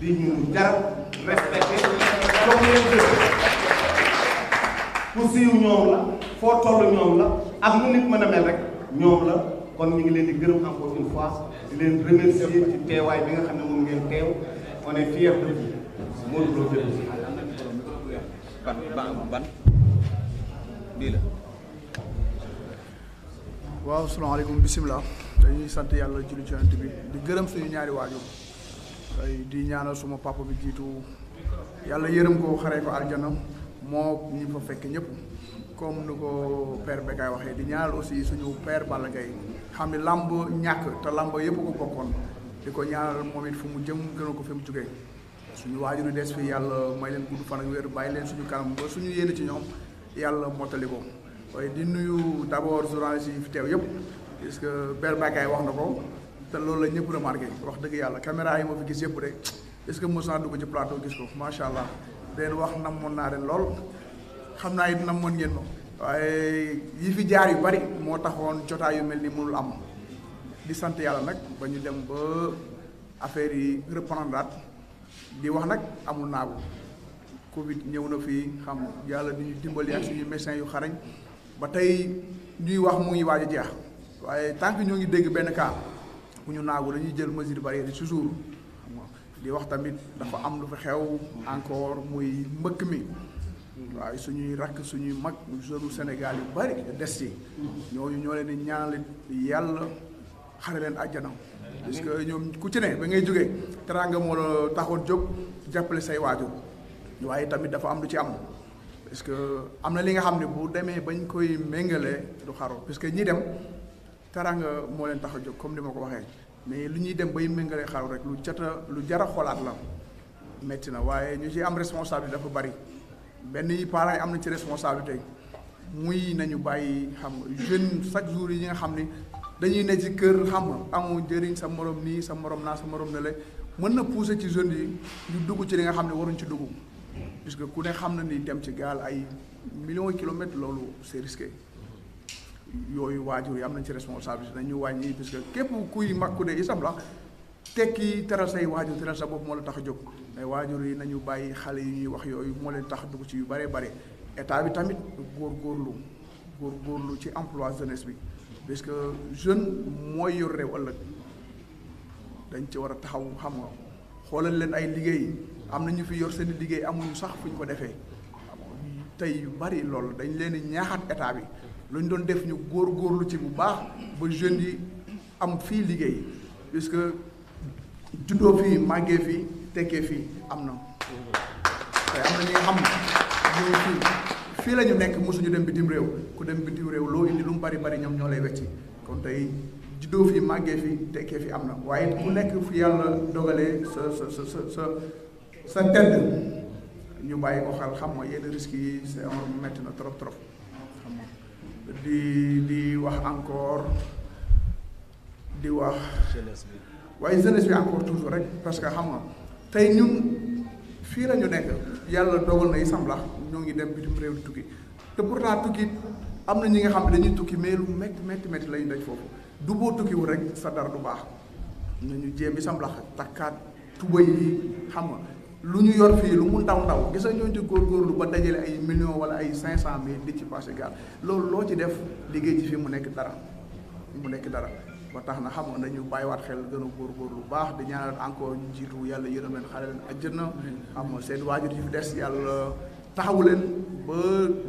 di ñu jar respecté jox leen dëgg ku siiw ñoom la foo toll ñoom la ak mu nit mën a mel rek ñoom la kon ñu ngi leen di gërëm encore une fois di leen remercier ci bi xam ne moom ngeen teew on est fier de la waaw sant yàlla julli ci yonent bi di gërëm suñu ñaari waajur di ñaanal suma papa bi jiitu yàlla yërëm ko xaree ko aljana moo ñu fa fekk ñëpp comme nu ko père Bekay waxee di ñaanal aussi suñu père Balla Gaye xam ne làmb ñàkk te làmb yëpp ko bokkoon di ko ñaanal moom it fu mu jëm gënal ko fi mu jógee suñu waajur des fi yàlla may leen gudd fan ak wér bàyyi leen suñu kanam ba suñu yéene ci ñoom yàlla mottali ko waaye di nuyu d' abord journalistes yi fi teew yëpp parce que père Bekay wax na ko. te loolu la ñëpp remarqué wax dëgg yàlla caméra yi ma fi gis yëpp de est-ce que mos naa dugg ci plateau gis ko macha allah leen wax namoon naa leen lool xam naa it namoon ngeen ma waaye yi fi jaar yu bari moo taxoon jotaay yu mel ni mënul am di sant yàlla nag ba ñu dem ba affaire yi reprendre di wax nag amul naagu Covid ñëw na fii xam yàlla di ñu dimbali ak suñu médecins yu xarañ ba tey ñuy wax mu ngi waaj jeex waaye tant ñoo ngi dégg benn cas. bu ñu naagu dañuy jël masir barrière yi toujours di wax tamit dafa am lu fa xew encore muy mbëkk mi waaye suñuy rakk suñuy mag jeune Sénégal yu bari des si ñooñu ñoo leen di ñaanal yàlla xare leen àjjana parce que ñoom ku ci ne ba ngay jógee teraanga moo la taxoon jóg jàppale say waajur waaye tamit dafa am lu ci am parce que am na li nga xam ne bu demee bañ koy méngale du xaru parce que ñi dem teraanga moo leen tax jóg comme ni ma ko waxee mais li ñuy dem bay méngale xaw rek lu cata lu jara xolaat la métti na waaye ñu ci am responsabilité dafa bari benn yi parents yi am na ci responsabilité muy nañu bàyyi xam nga jeune chaque jour yi nga xam ni dañuy ne ci kër xam nga amoo njëriñ sa morom nii sa morom naa sa morom ne la mën na pousser ci jeunes yi ñu dugg ci li nga xam ne waruñ ci dugg que ku ne xam na ni dem ci gaal ay millions kilomètres loolu c'est risqué. yooyu waajur yi am nañ ci responsabilité nañ ñu wàññi parce que képp kuy mag ku ne isam la tekki teral say waajur teral sa bopp moo la tax a jóg mais waajur yi nañu bàyyi xale yi ñuy wax yooyu moo leen tax dugg ci yu bare bare état bi tamit góor góorlu góor góorlu ci emploi jeunesse bi parce que jeune mooy yor réew ëllëg dañ ci war a taxaw xam nga xoolal leen ay liggéey am na ñu fi yor seen liggéey amuñu sax fu ñu ko defee tey yu bari loolu dañ leen ñaaxaat état bi lu ñu doon def ñu góor góorlu ci bu baax ba jeunes yi am fii liggéey puisque juddoo fii màggee fii tekkee fii am na xam ñoo fii fii la ñu nekk mosuñu dem réew ku dem bitim réew lu bari bari ñoom ñoo lay wecci kon tey juddoo fii màggee fii tekkee fi am na waaye ku nekk fu yàlla dogalee sa sa sa sa sa sa tedd ñu bàyyi ko xel xam nga yenn risques yi c'est metti na trop trop di di wax encore di wax waaye jeunesse bi encore toujours rek parce que xam nga tey ñun fii la ñu nekk dogal na isam la ñoo ngi dem bitim réew tukki te pourtant tukki am na ñi nga xam ne dañuy tukki mais lu métti métti métti lañu daj sadar du boo tukkiwul rek sa dara du baax nañu isam la tubay yi xam nga lu ñu yor fii lu mu ndaw ndaw gis ñoo ci góorgóorlu ba dajale ay millions wala ay cinq cent mille di ci passé gaal loolu loo ci def liggéey ci fii mu nekk dara mu nekk dara ba tax na xamoon nañu bàyyiwaat xel gën góor góor bu baax di ñaar encore ñu jiitu yàlla yërëm leen xale leen àjjana xam seen waajur yi fi des yàlla taxawu leen ba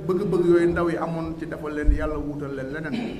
bëgg-bëgg yooyu ndaw yi amoon ci defal leen yàlla wuutal leen leneen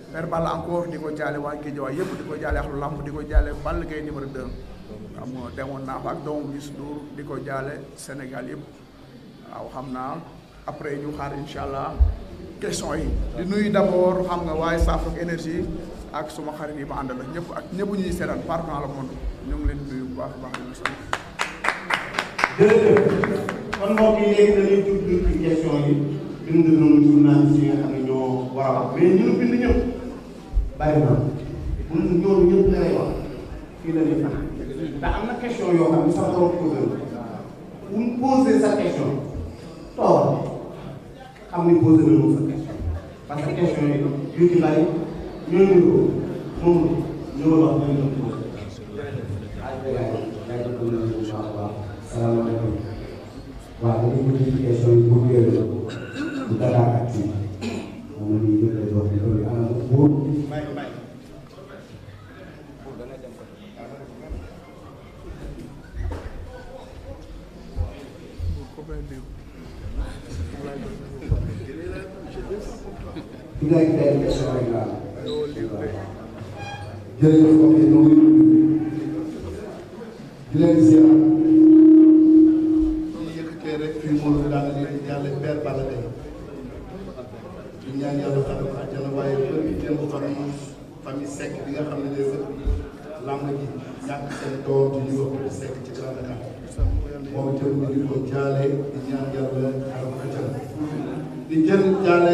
père encore di ko jaale waa Guédiawaye yëpp di ko jaale lamb di ko jaale Balla Gaye numéro 2 xam nga demoon naa fa ak doomu Youssou Ndour di ko jaale Sénégal après ñu xaar question yi di nuyu d' xam nga waaye saaf ak ak suma xarit yi ma àndal ak ak ñëpp ñuy seetaan partout le monde ñu ngi leen nuyu bu baax baax di sant. kon mbokk yi léegi dañuy tudd question yi bind nañu journaliste yi nga xam ñoo wax mais bind bàyyi naa ko ñun ñooñu ñëpp ñu lay wax fii la ñuy tax ndax am na question yoo xam ne sax doo posé wu bu ñu posé sa question toog xam ni posé na moom sa question parce que question yi yu ci bari ñoo ñu ko moom ñoo wax ñoo ñu ko posé. waaw da ngay mën a question ki ngay teel a soxla yi daal jërëjëf mbokk yi ñoo ngi di leen ziar ñu yëkkatee rek fii moo la daal di leen yàlla père Balla Gaye di ñaan yàlla xaral ko àjjana waaye bëri démb famille famille Seck bi nga xam ne day wër làmb ji ñàkk seen doom di ñu wax ko Seck ci Grand Dakar moom itam ñu ngi ko jaale di ñaan yàlla xaral ko àjjana di jël jaale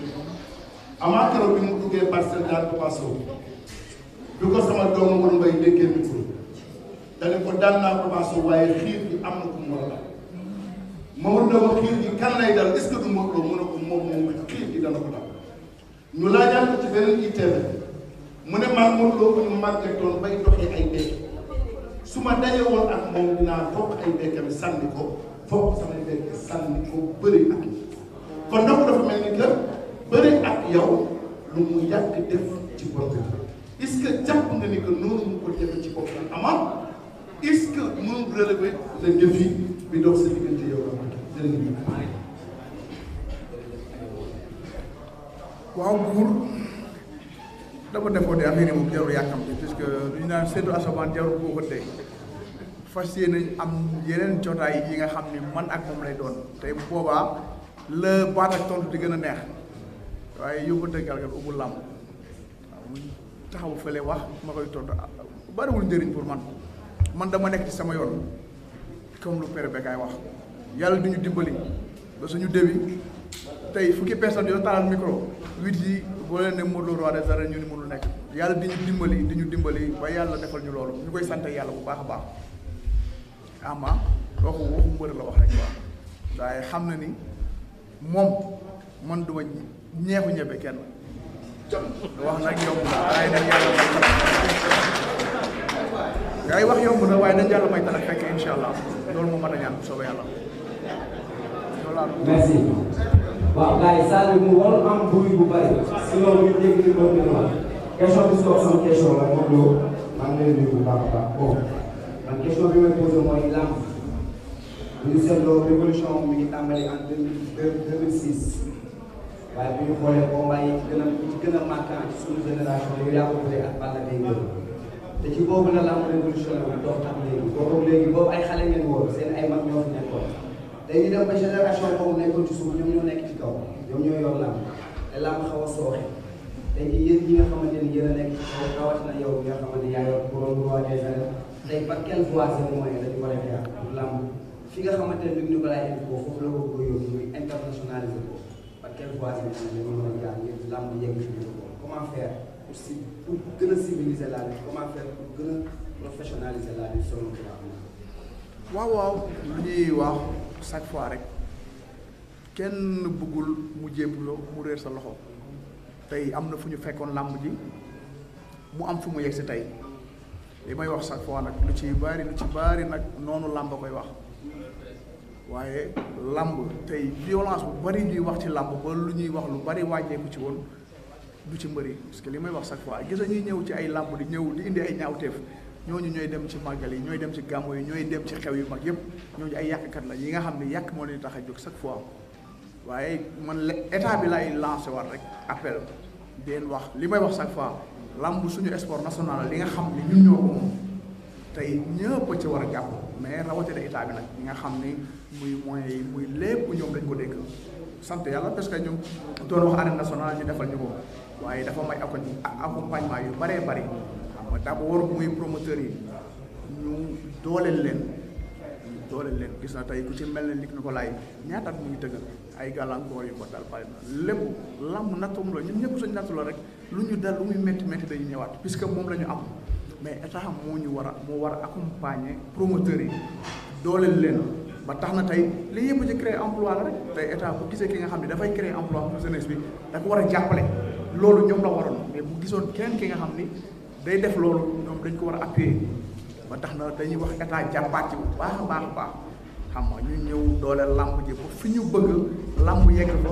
amaa keroog bi mu duggee parcelle daal Papa Sow bi ko sama doomu Mor Mbaye déggee micro dana ko daan naa Papa waaye xiir bi am na a dal Mawal dama xiir bi a ko moom moom xiir bi dana ko dal ñu laajal ko ci beneen ITV mu ne man Mawal doo ko ñu màggatoon bay doxee ay béy su ma daje woon ak moom dinaa toog ay béykam sànni ko foog samay béykat sànni ko bëri na kon ndox dafa mel ni que. bëre ak yow lu mu yàgg def ci bopp bi est-ce que jàpp nga ni que noonu mu ko def ci bopp amaan est-ce que mënul relever le bi dox sa diggante yow la jërëjëf. waaw buur dama defoon de affaire yi moom jarul yàkkamti naan seetu asamaan jarul boo ko am yeneen jotaay yi nga xam ni man ak moom lay doon tey boobaa la baat ak tontu di gën a neex. waaye yóbbante galgal ubbu làmb waaw muy taxaw fële wax ma koy tontu ah, bariwul njëriñ pour man man dama nekk ci sama yoon comme lu père Bekaay wax yàlla du ñu dimbali ba suñu début tey fukki personne yoo taalal micro huit yi boo leen ne Modou Lo roi des arènes ñu ni mënul nekk yàlla di ñu dimbali di ñu dimbali ba yàlla defal ñu loolu ñu koy sant yàlla bu baax a baax ama waxu waxu mbër la wax rek waaw waaye xam na ni moom man duma ñeexu ñebe kenn wax nag yomb na waaye wax yomb na waaye dañ yàlla may tanak insha allah loolu moo mën a ñaan soobee yàlla merci waaw gars yi saa mu waroon am bruit bu bari sinon ñu dégg ni loolu la ñu wax question bi la moom loo maa ngi bu baax a baax bon man question bi may posé mooy làmb ñu seetloo révolution mi ngi tàmbali en deux mille six waaye bu ñu xoolee combat yi ci gën a ci gën a marquant ci suñu génération yooyu yaa ko bëree ak Balla Gaye ñëw te ci boobu la lamb révolutionné wu dox tax léegi boobu ay xale ngeen woon ay mag ñoo fi nekkoon dañuy dem ba génération boobu nekkoon ci suuf ñoom ñoo nekk ci kaw ñoom ñoo yor lamb te a sooxe tey jii yéen ñi nga xamante ni yéen a yo ci kaw rawatina yow nga xamante ni yaa yor borom war a jaar pour lamb fi nga xamante ne lu ko foofu la ko bëgg a quelle voisinage la la lutte comment faire pour a professionnaliser la lutte waaw waaw li ñuy wax chaque fois rek kenn bëggul mu jébbuloo mu réer sa loxo tey am na fu ñu fekkoon làmb ji mu am fu mu yegg si tey li may wax chaque fois nag lu ci bari lu ci bari nag noonu làmb koy wax. waaye làmb tey violence bu bari ñuy wax ci làmb ba lu ñuy wax lu bari wàññeeku ci woon du ci mbëri parce que li may wax chaque fois gis ñuy ñëw ci ay làmb di ñëw di indi ay ñaawteef ñooñu ñooy dem ci màggal yi ñooy dem ci gàmmo yi ñooy dem ci xew yu mag yëpp ñooñu ay yàqkat la yi nga xam ne yàkk moo leen tax a jóg chaque fois waaye man état bi lay lancé war rek appel deen wax li may wax chaque fois làmb suñu sport national li nga xam ne ñun ñoo tey ñëpp ci war a jàpp mais rawatina état nag ñi nga xam ni muy moyens yi muy lépp ñoom lañ ko dégg sant yàlla parce que ñoom doon wax arène nationale ñu defal ñu ko waaye dafa may accompagnement yu bëree bëri xam nga d'abord muy promoteurs yi ñu dooleel leen ñu dooleel leen gis na tey ku ci mel ne lig na ko laay ñaataat mu ngi tëgg ay gàllankoor yu ko dal bari na lépp lamb nattum la ñun ñëpp suñ nattu la rek lu ñu dal lu muy métti métti dañu ñëwaat puisque moom la ñu am mais état moo ñu war a moo war a accompagner promoteurs yi dooleel leen ba tax na tey li yëpp ci créer emploi la rek tey état bu gisee ki nga xam ne dafay créer emploi pour jeunesse bi war a jàppale loolu ñoom la waroon mais bu gisoon keneen ki nga xam ni day def loolu ñoom dañ ko war a appuyer ba tax na dañuy wax état jàppaat ci bu baax a baax a baax xam ma ñuy ñëw doole làmb ji ba fi ñu bëgg làmb yegg ko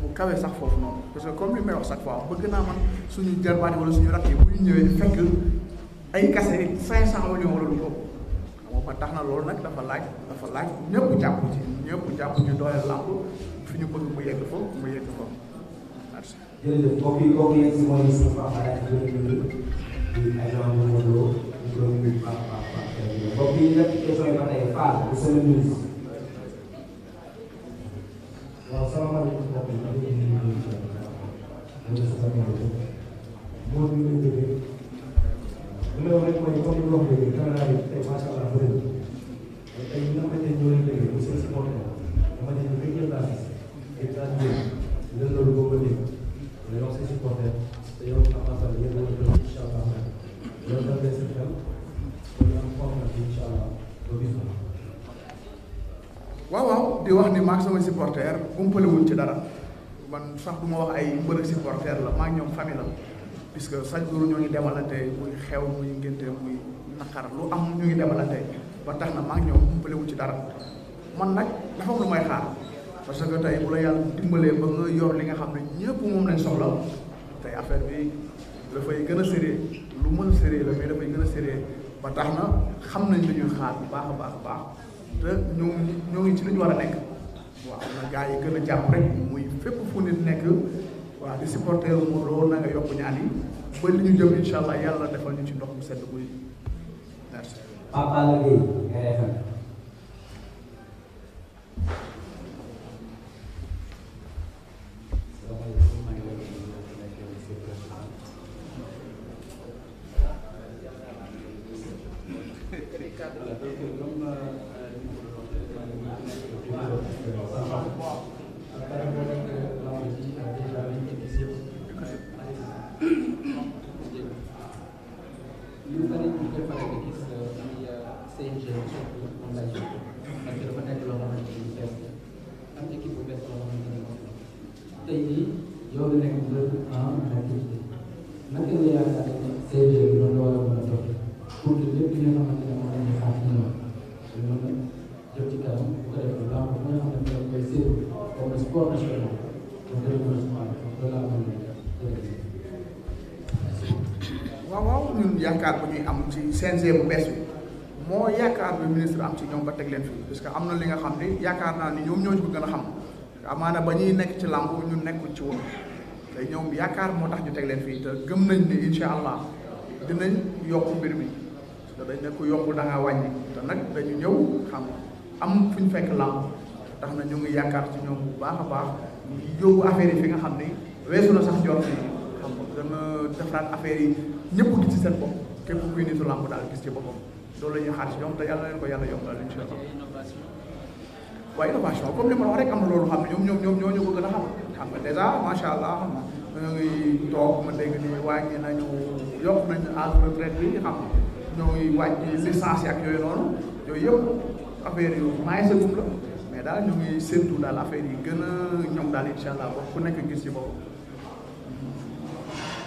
mu kawe sax foofu noonu parce que comme li may wax chaque fois bëgg naa man suñu jarbaat wala suñu rakk yi bu ñu ñëwee fekk ay kase 500 millions wala lu ko moo tax na loolu nag dafa laaj dafa laaj ñëpp jàpp ci ñëpp jàpp ci doole làmb fi ñu bëgg mu yegg fa mu yegg fa merci. jërëjëf mbokk yi mbokk yi si mooy Sëñ Afane ak jërëjëf di agent bu Modou Lo di ko nuyu baax a baax mbokk yi nag question yi ba tey Fall monsieur le ministre. waaw salaamaaleykum mbokk yi. sax du ma wax ay mbër supporter la maa ñoom famille la puisque chaque jour ñoo ngi demalante muy xew muy ngénte muy naqar lu am ñu ngi demalante ba tax na maa ñoom umpalewuñ ci dara man nag dafa am lu xaar parce que tey bu la yàlla dimbalee ba nga yor li nga xam ne ñëpp moom lañ soxla tey affaire bi dafay gën a sérieux lu mën a la mais dafay gën a sérieux ba tax na xam nañ dañuy xaar bu baax a baax a baax te ñoo ñoo ngi ci lu ñu war a nekk waaw yi gën a jàpp rek fépp fu nit nekk waaw di supporter mu loolu na nga yokk ñaan ba li ñu jëm incha allah defal ñu ci ndox mu sedd merci. Papa Lagui RFM. CNG bu bees bi moo yaakaar bi ministre am ci ñoom ba teg leen fii parce que am na li nga xam ni yaakaar naa ni ñoom ñoo ci ko gën a xam amaana ba ñuy nekk ci làmb ñu nekkul ci woon te ñoom yaakaar moo tax ñu teg leen fii gëm nañ ni incha allah dinañ yokk mbir mi te dañ ne ku yokk da ngaa wàññi te nag dañu ñëw xam am fu ñu fekk làmb tax na ñu ngi yaakaar ci ñoom bu baax a baax yóbbu affaire yi fi nga xam ni weesu na sax jot bi xam nga gën defaraat affaire yi ñëpp gis ci seen bopp. képp kuy nitu làmb daal gis ci boppam loolu la xaar si ñoom te yàlla leen ko yàlla yombalal incha allah waaye innovation comme li ma wax rek am na loolu xam a xam xam nga dèjà ma dégg ni wàññi nañu yokk nañu âge retraite bi xam nga ñoo ngi wàññi licence ak yooyu yooyu yëpp affaire yu maay segum mais daal ñu ngi daal affaire yi gën a ñoom daal incha allah ba ku nekk gis ci boobu.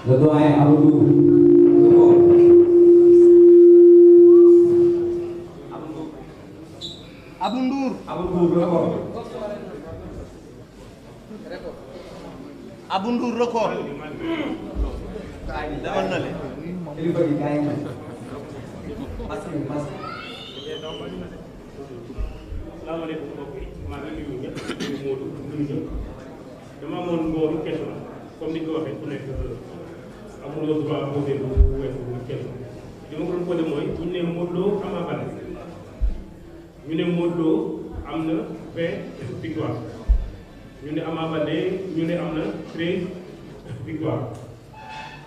le doyen Abdou. Abu Ndour. Abu Ndour record. Abu na le. ñu ne Modou am na vingt victoire ñu ne Ama Baldé ñu ne am na treize victoire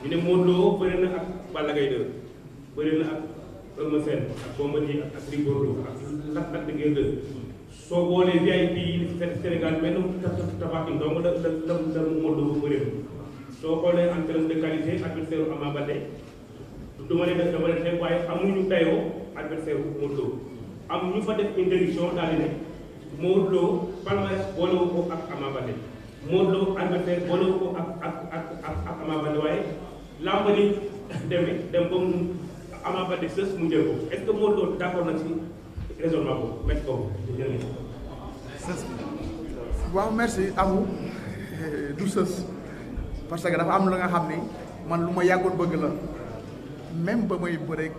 ñu ne Modou Lo na ak Balla Gaye 2 bëri na ak Eumeu Sène ak Bombardier ak Gris Bordeaux ak Lac Lac de Guiers 2 soo boolee VIP yi Sénégal benn Tapha Tine dong la la la la Modou Lo soo xoolee en terme de qualité adversaire Ama Baldé du ma ne dama ne waaye amuñu dayoo adversaire Modou Lo am ñu fa def interdiction daal ne Modou Lo palmarès boolewoo ko ak Ama Baldé Modou Lo adversaire boolewoo ko ak ak ak ak Ama Baldé waaye làmb ni demee dem ba mu Ama Baldé sës mu jël ko est-ce que Modou na ci raisonnement boobu merci beaucoup merci Amou du sës parce que dafa am la nga xam ni man lu ma yàggoon bëgg la même ba may bëreeg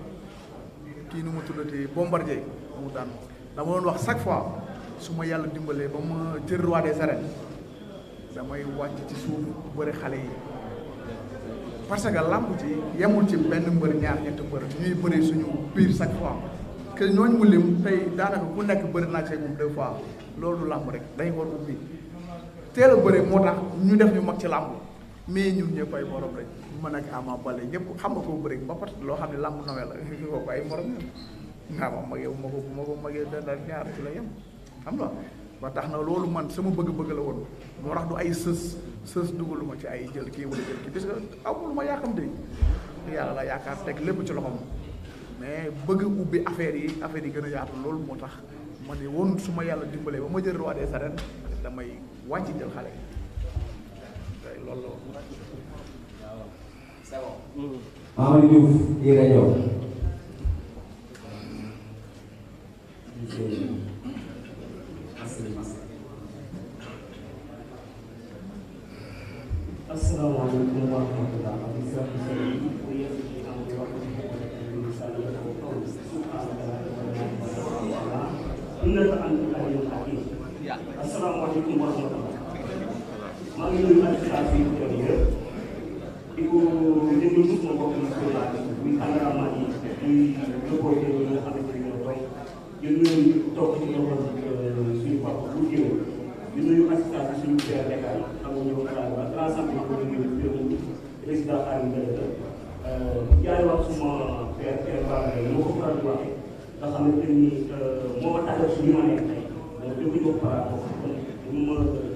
kii nu mu tuddati bombardier. mu daan dama doon wax chaque fois su ma yàlla dimbalee ba ma jël roi des arènes damay wàcc ci suuf bëri xale yi parce que làmb ci yemul ci benn mbër ñaar ñetti mbër ñuy bëri suñu biir chaque fois que ñooñu mu lim tey daanaka ku nekk bëri naa see moom deux fois loolu làmb rek dañ war ubbi teel a bëri moo tax ñu def ñu mag ci làmb mais ñun ñëpp ay morom rek mën ak Ama Baldé ñëpp xam nga koo bëri ba pare loo xam ne làmb nawee la ko ay morom ñun nga ma magee bu ma ko bu ma ko magee daal ñaar ci la yem xam nga ba tax na loolu man sama bëgg-bëgg la woon moo tax du ay sës sës ma ci ay jël kii wala jël kii parce que ma yàqamte yàlla la yaakaar lépp ci loxoom mais bëgg ubbi affaire yi affaire yi gën a yaatu loolu moo tax ma ne woon su ma yàlla dimbalee ba ma jël roi des arènes damay wàcc jël xale yi loolu la woon. Amady Diouf a ñëw. asalaamaaleykum wa rahmatulah keneen baax na moo ko faral di waxee nga xamante ni moo taxal si ñu ma nekk tey donc dëgg yoo par rapport ñu ma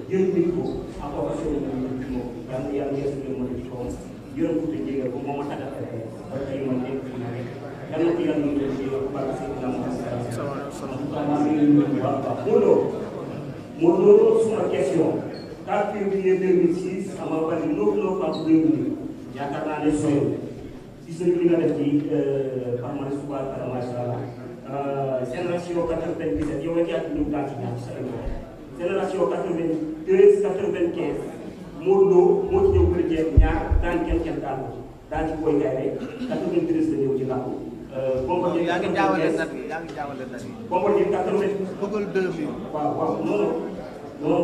jël nit ko apporté na ñu ci moom yàlla yàlla yeesu ñu ma ci kawam jël ko te jege ko moo ma taxal ba tey ma nekk fi ma nekk yàlla ko yàlla ñu def ci yow par rapport ak ma sama bu baax baax moo loolu moo loolu suma question 4 février 2006 ama bari 9 novembre 2000 yaakaar naa ne soyo ci sëñ bi nga def ci Ahmad Subhanahu wa ta'ala génération 97 yow rek yaa ngi dugg daal ci ñaar sa génération 92 95 Modou Lo moo ci ñëw gën a jeex ñaar daan kenn kenn daan ko daan ci Boy Gaye 93 la ñëw ci làmb. Bombardier yaa ngi jaawale nat yi yaa ngi jaawale nat yi. Bombardier 90. bëggal deux bi. waaw waaw non non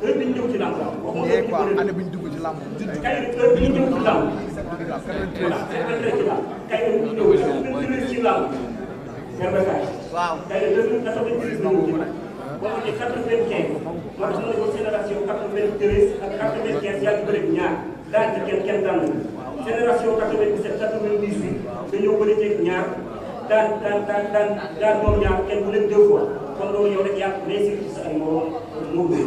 heure bi ñu ñëw ci làmb wax nga ko ci bëri. année bi ñu dugg ci làmb. kay heure bi ñu ñëw ci làmb. tey ñu ñëw ci làmb Demba Ka waaw tey deux mille quatre-vingt-dix la ñu bokk ci quatre-vingt-quinze moo tax ma ne ko génération quatre-vingt-treize ak quatre-vingt-quinze yàgg bëri ñaar daan ci kenn kenn daan génération quatre-vingt-dix-sept quatre-vingt-dix-huit dañoo bëri teg ñaar daan daan daan daan daan moom ñaar kenn bu leen deux fois kon loolu yow rek yàq réussir ci sa ay morom moo gën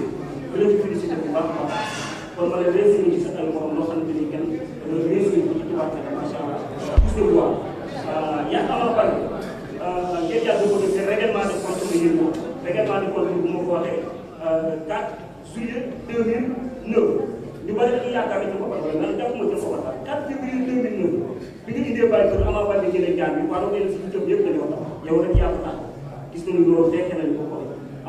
bu leen di félicité bu baax a baax kon ma ne réussir yi sa tal moom loo xam ne nii kenn dañoo réussir ci ci wàcce macha allah. c'est quoi yaa amal bari ngeen jàpp ko c'est règlement de compte bi yéen moom règlement de compte bi bu ma ko waxee 4 euh, juillet 2009 ñu bari dañuy yaakaar ne ci boppam la ndax jàppuma ci boppam 4 février 2009 bi nga indee bàyyi ko amal bari jëlee jaar bi wala ngeen si ñu jëm yëpp la ñu wax yow rek yaa ko tax gis nañu loolu fekke nañu ko ko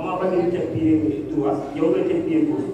amal bari ñu teg biir droit yow la teg biir gauche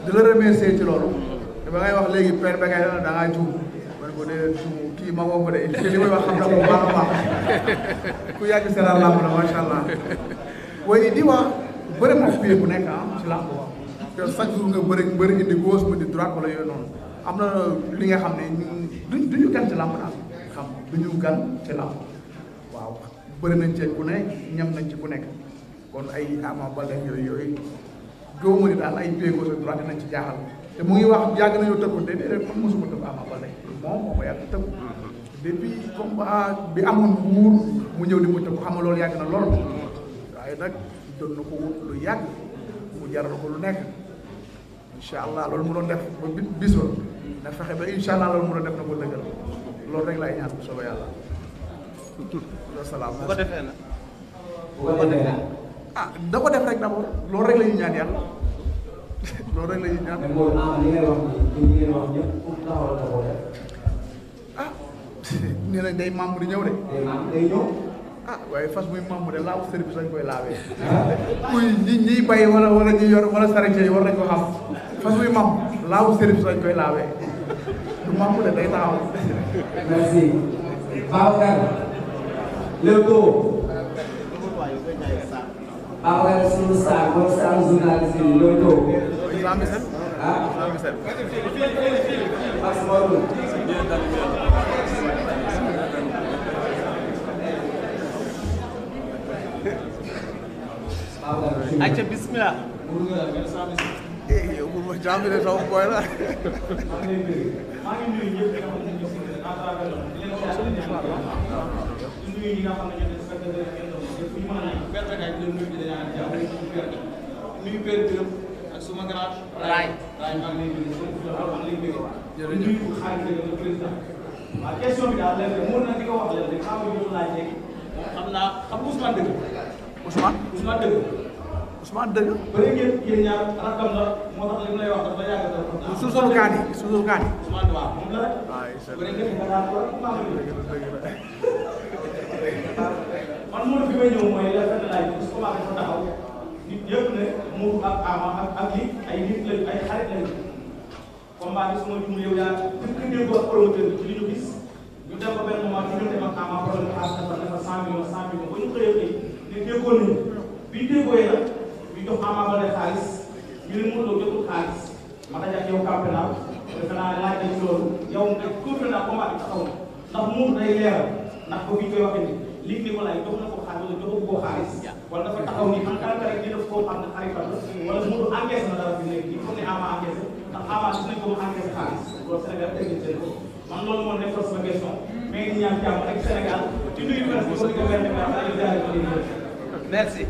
di la remercier ci loolu te ba ngay wax léegi père ba ngay da ngaa juum man ko dee juum kii ma woo ko de li wax xam na ku yàgg seetaan làmb la macha allah waaye di wax bëri na bu nekk ah ci làmb wax te nga bëri bëri indi gauche mu di droite wala noonu am na li nga xam ne duñ duñu gan xam duñu gan ci làmb waaw bëri nañ ci ku ne ñam nañ ci ku nekk kon ay Ama Baldé yooyu yooyu gëwuma ni daal ay pied gauche ak dinañ ci jaaxal te mu ngi wax yàgg nañoo tëggu te déedéet man mosuma tëgg Ama Baldé moom moo ko yàgg depuis combat bi mu di mu tëgg xam nga loolu na lool waaye nag doon na wut lu ya, mu ko lu nah, ya allah mu doon def ba ya, bis na ba allah mu doon def na ko dëggal loolu rek laay ñaan ko na ko na. ah da ko def rek d'abord loolu rek la ñuy ñaan yàlla loolu rek la ñuy ñaan. ah, ah nee nañ day membre ñëw de. day ñëw. ah waaye fas muy membre de laaw service lañ koy laawee. kuy ah. ñi ñiy bay wala wala ñi yor wala charretier yi war nañ ko xam fas muy membre laaw service lañ koy laawee du membre de day taxaw. merci. Babacar. le go. Babacar Sini Sarr mooy sànq journaliste yi ñooy toog ah Max Morom. ayca bismillah. ma jàmm ne sama boy la. maa ngi nuyu ñëpp nga xamante ne ñu ngi si à travers di leen wax di nuyu ñi nga xam ne ñoo nekk secrétaire ñu mën a ñu perte kay ñoom ñoom ñu dañaa jàpp ñu perte nuyu père Birame ak suma grand raay raay maa ngi lay nuyu maa ngi lay nuyu nuyu xaalis le président waaw question bi daal léegi mën na di ko wax léegi xam nga ñu laaj léegi xam naa xam Ousmane dëgg Ousmane Ousmane dëgg Ousmane dëgg bëri ngeen yéen ñaar rakkam la moo tax li mu lay wax dafa yàgg dafa su solu kaani su solu kaani Ousmane waaw moom la rek bëri ngeen man Modou fi may mooy la fenn laaj bi su ko waxee fa taxaw nit yëpp ne Modou ak Ama ak ay nit lañu ay xarit lañu combat bi su ma jumul yow yaa dëkk déggoo ak promoteur bi ci li ñu gis ñu dem ba benn moment ñu dem ak Ama problème bi xaalis dafa dafa cent millions cent millions ba ñu xëyee xëy ne bi déggooyee nag ñu jox Ama Baldé xaalis ñu ne Modou jotul xaalis ma daje ak yow campagne naa defe naa laaj nañ ci loolu yow nga confirmé naa combat bi taxaw na ndax Modou day leeral ndax ko fi ñu koy waxee nii lii nii walaay jox na ko xaalis wala joxu ko xaalis. dafa taxaw ni en tant que rek ñu def koo xam ne xaritam la. ne ama engagé ndax ama su ne ñaan jàmm ak Sénégal merci.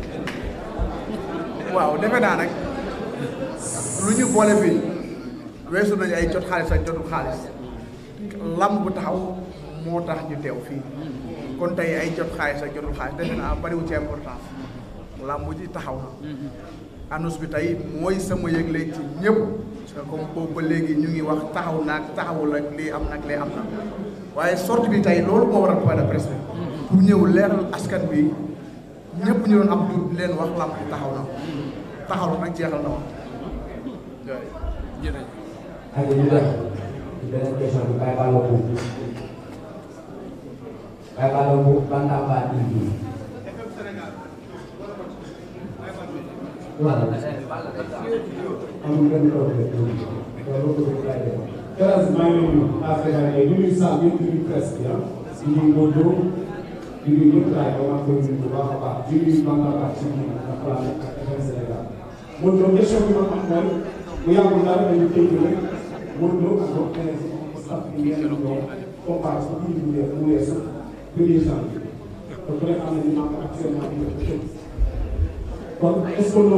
waaw defe naa nag lu ñu boole fii weesu nañu ay jot xaalis ak jotu xaalis lam bu taxaw moo tax ñu teew fii. kon tey ay jot xaalis ak jotul xaalis defe naa bariwu ci importance làmb ji taxaw na annonce bi tey mooy sama yëgle ci ñëpp parce comme boobu ba léegi ñu ngi wax taxaw naag taxawul ak lii am ak lii am na waaye sorte bi tey loolu moo waral point de presse bi ñëw leeral askan bi ñépp ñu doon am du leen wax làmb taxaw na taxaw na nag jeexal na woon Kata bu Bantamba TV. amul benn problème. loolu ko bëgg laay def. Thérèse maa ngi nuyu Afrika yi ñu ngi sant ñëpp ñu ngi presse bi ah. ñu ngi Modou. ñu ngi ñëpp laay ba wax ko ñu bu baax a baax. ñu ngi Bantamba ci ñun ak plan ak FM Sénégal. Modou question bi ma am mooy bu yàggul dara dañu tëj rek Modou ak Thérèse sax ñu ngi leen di doon comparé bu ñu deux cent kon vraiment nañu manque actuellement